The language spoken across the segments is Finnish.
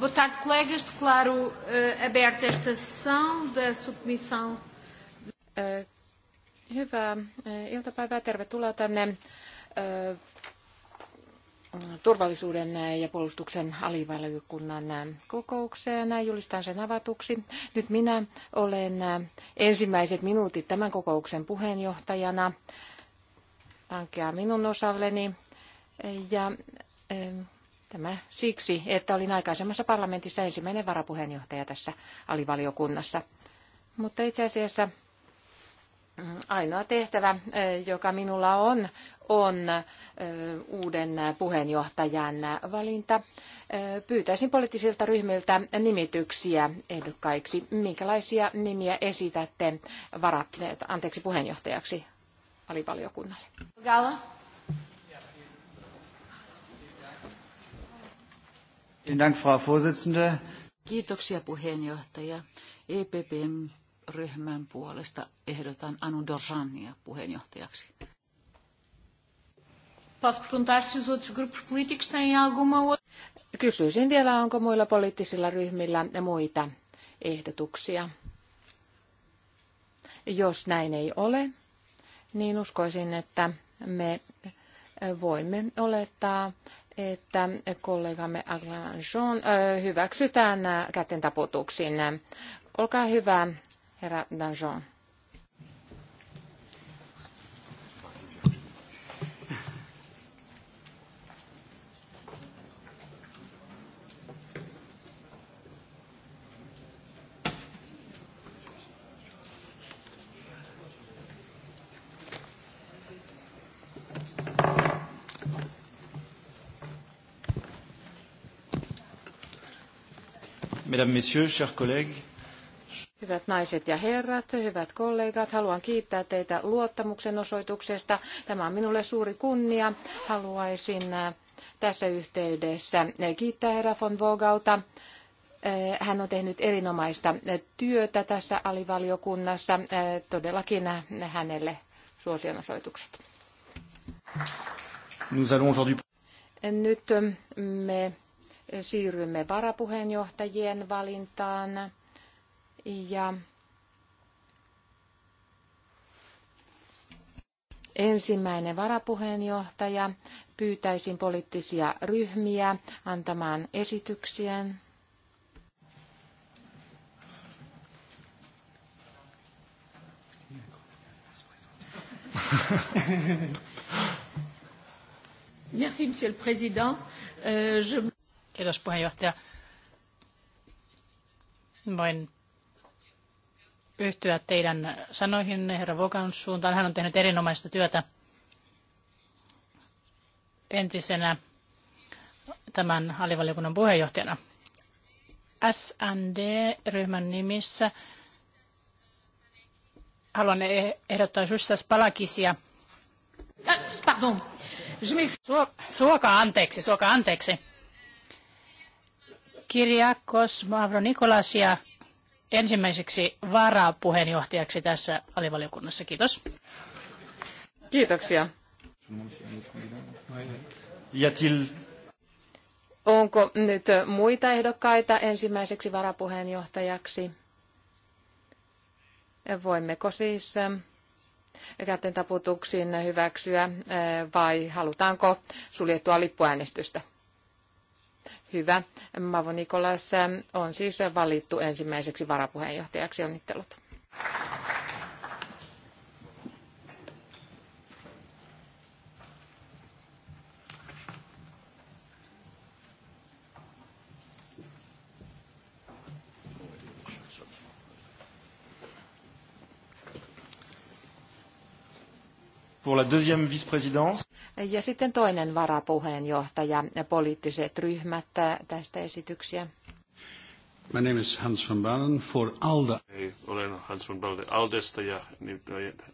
Boa tarde, colegas. Declaro eh, aberta esta sessão da submissão. Eh, hyvää eh, iltapäivää. Tervetuloa tänne turvallisuuden ja puolustuksen alivaliokunnan kokoukseen. Julistan sen avatuksi. Nyt minä olen ensimmäiset minuutit tämän kokouksen puheenjohtajana. Tankea minun osalleni. Ja Tämä siksi, että olin aikaisemmassa parlamentissa ensimmäinen varapuheenjohtaja tässä alivaliokunnassa. Mutta itse asiassa mm, ainoa tehtävä, joka minulla on, on uuden puheenjohtajan valinta. Pyytäisin poliittisilta ryhmiltä nimityksiä ehdokkaiksi. Minkälaisia nimiä esitätte varat, anteeksi, puheenjohtajaksi alivaliokunnalle? Gala. Kiitoksia puheenjohtaja. epp ryhmän puolesta ehdotan Anu Dorsania puheenjohtajaksi. Kysyisin vielä, onko muilla poliittisilla ryhmillä muita ehdotuksia. Jos näin ei ole, niin uskoisin, että me voimme olettaa, että kollegamme Alain Jean hyväksytään kätentaputuksin. Olkaa hyvä, herra Danjon. Mesdames, Messieurs, chers collègues. Hyvät naiset ja herrat, hyvät kollegat, haluan kiittää teitä luottamuksen osoituksesta. Tämä on minulle suuri kunnia. Haluaisin äh, tässä yhteydessä äh, kiittää herra von Vogauta. Äh, hän on tehnyt erinomaista työtä tässä alivaliokunnassa. Todellakin hänelle suosionosoitukset. Nyt me siirrymme varapuheenjohtajien valintaan ja ensimmäinen varapuheenjohtaja. Pyytäisin poliittisia ryhmiä antamaan esityksiä. Merci, Monsieur le Président. Euh, je... Kiitos puheenjohtaja. Voin yhtyä teidän sanoihin herra Vokan suuntaan. Hän on tehnyt erinomaista työtä entisenä tämän alivaliokunnan puheenjohtajana. SND-ryhmän nimissä haluan e- ehdottaa Justas Palakisia. Ah, pardon. Suokaa anteeksi, suokaa anteeksi. Kiriakos Mavro-Nikolasia ensimmäiseksi varapuheenjohtajaksi tässä alivaliokunnassa. Kiitos. Kiitoksia. Onko nyt muita ehdokkaita ensimmäiseksi varapuheenjohtajaksi? Voimmeko siis ähm, käten taputuksiin hyväksyä äh, vai halutaanko suljettua lippuäänestystä? Hyvä. Mavo Nikolas on siis valittu ensimmäiseksi varapuheenjohtajaksi. Onnittelut. pour la deuxième vice-présidence. Ja sitten toinen varapuheenjohtaja, poliittiset ryhmät tästä esityksiä. My name is Hans van Balen for ALDA. Hei, olen Hans van Balen ALDEsta ja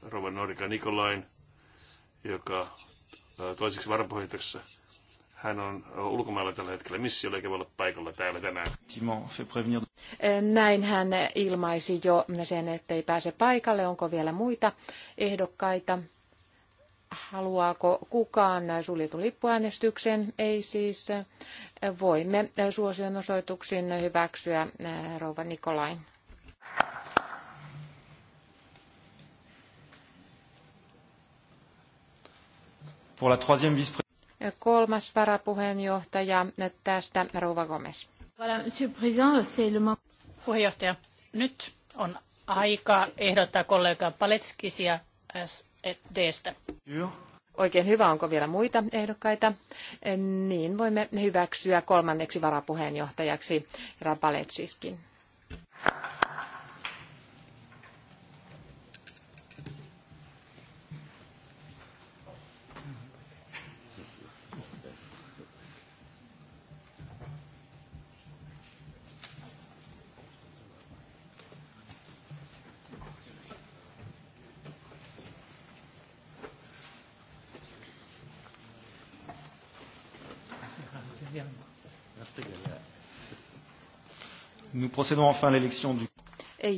Rova Norika Nikolain, joka toiseksi varapuheenjohtajassa hän on ulkomailla tällä hetkellä missiolla eikä voi olla paikalla täällä tänään. Näin hän ilmaisi jo sen, ettei pääse paikalle. Onko vielä muita ehdokkaita? Haluaako kukaan suljetun lippuäänestyksen? Ei siis. Voimme suosionosoituksin hyväksyä eh, rouva Nikolain. Pour la troisième vice Kolmas varapuheenjohtaja eh, tästä, Rouva Gomez. Voilà, monsieur président, c'est le moment. Puheenjohtaja, nyt on aika ehdottaa kollega Paletskisia SDstä. Oikein hyvä. Onko vielä muita ehdokkaita? Niin voimme hyväksyä kolmanneksi varapuheenjohtajaksi Rapaletsiskin.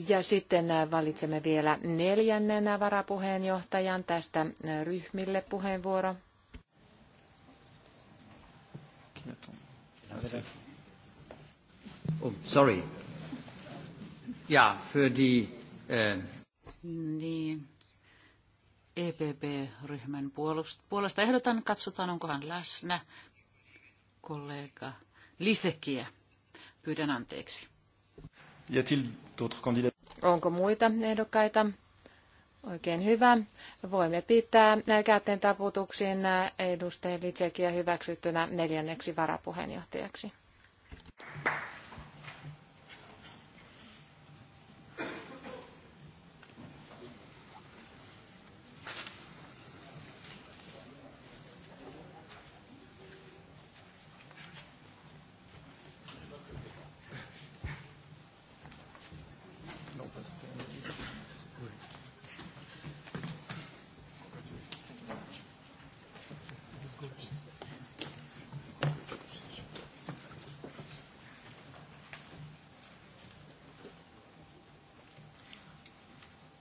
Ja sitten äh, valitsemme vielä neljännen varapuheenjohtajan tästä äh, ryhmille puheenvuoro. Oh, sorry. Ja, für die... Äh... Niin. EPP-ryhmän puolesta ehdotan, katsotaan onko hän läsnä kollega Lisekiä. Pyydän anteeksi. Onko muita ehdokkaita? Oikein hyvä. Voimme pitää käteen taputuksiin edustajien Litsekiä hyväksyttynä neljänneksi varapuheenjohtajaksi.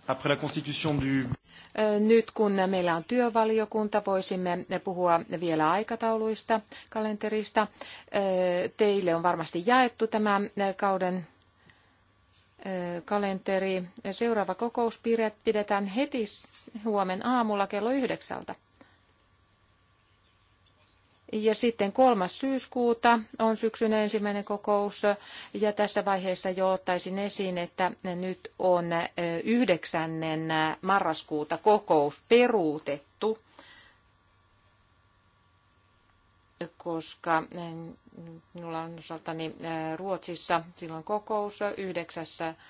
Après la constitution du... Nyt kun meillä on työvaliokunta, voisimme puhua vielä aikatauluista, kalenterista. Teille on varmasti jaettu tämä kauden kalenteri. Seuraava kokous pidetään heti huomen aamulla kello yhdeksältä. Ja sitten 3. syyskuuta on syksyn ensimmäinen kokous, ja tässä vaiheessa jo ottaisin esiin, että nyt on 9. marraskuuta kokous peruutettu, koska minulla on osaltani Ruotsissa silloin kokous 9.11.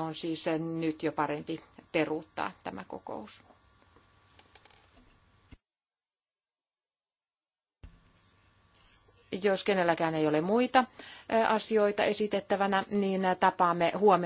on siis nyt jo parempi peruuttaa tämä kokous. jos kenelläkään ei ole muita asioita esitettävänä, niin tapaamme huomenna.